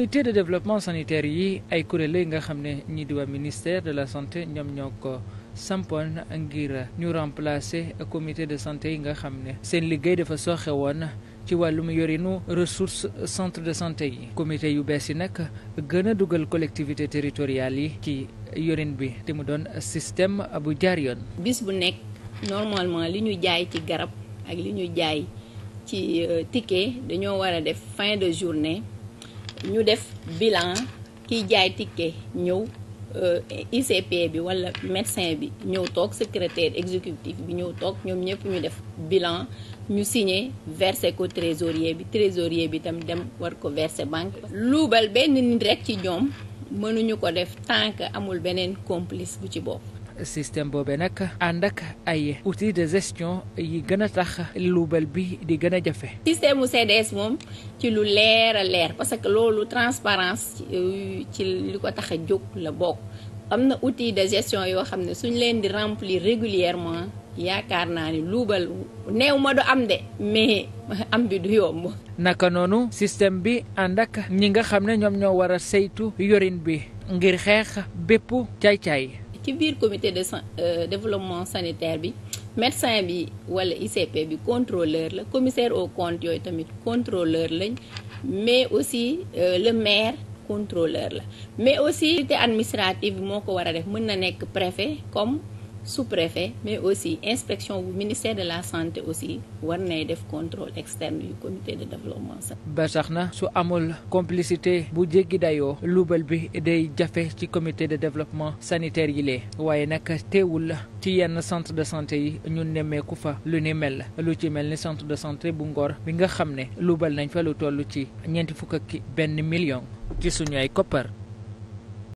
comité de développement sanitaire yi ay kuréel yi nga xam ne ñii di waa ministère de la santé ñoom ñoo ko sampoon ngir ñu remplacer comité de santé yi nga xam ne seen liggéey dafa sooxe woon ci wàllum yorinu ressource centre de santé yi comité yu bees yi nag gën a dugal collectivité territoriale yi ci yorin bi te mu doon système bu jaar yoon. bis bu nekk normalement li ñu jaay ci garab ak li ñu jaay ci euh, ticket dañoo war def fin de journée. ñu def bilan kiy jaay ticket ñëw euh, ICP bi wala médecin bi ñëw toog secrétaire exécutif bi ñëw toog ñoom ñëpp ñu def bilan ñu signé verse ko trésorier bi trésorier bi tam dem war ko versé banque luubal benn nit rek ci ñoom mënuñu ko def tant amul beneen complice bu ci bopp système boobee nag ànd ak ay outils de gestion yi gën a tax luubal bi di gën a jafe. système mu CDS moom ci lu leer a leer parce que loolu transparence euh, ci li ko tax a jóg la bokk am na outils de gestion yoo xam ne suñ leen di remplir régulièrement yaakaar naa ni luubal néew ma du am de mais am bi du yomb. naka noonu système bi ànd ak ñi nga xam ne ñoom ñoo war a saytu yorin bi ngir xeex bépp caay-caay. ci biir commité de san euh, développement sanitaire bi médecin bi wala ICP bi contrôleur la commissaire au comptes yooyu tamit contrôleur lañ mais aussi euh, le maire contrôleur la mais aussi te administrative bi moo ko war a def mën na nekk préfet comme su préfet mais aussi inspection bu ministère de la santé aussi war nay def contrôle externe yu comité de développement sax. na su amul complicité bu jéggi dayoo luubal bi day jafe ci comité de développement sanitaire yi lee waaye nag teewul ci yenn centre de santé yi ñu nemmeeku fa lu ni mel lu ci mel ni centre de santé bu Ngor bi nga xam ne luubal nañ fa lu toll ci ñeenti fukk ak benn million ci suñu ay koppar.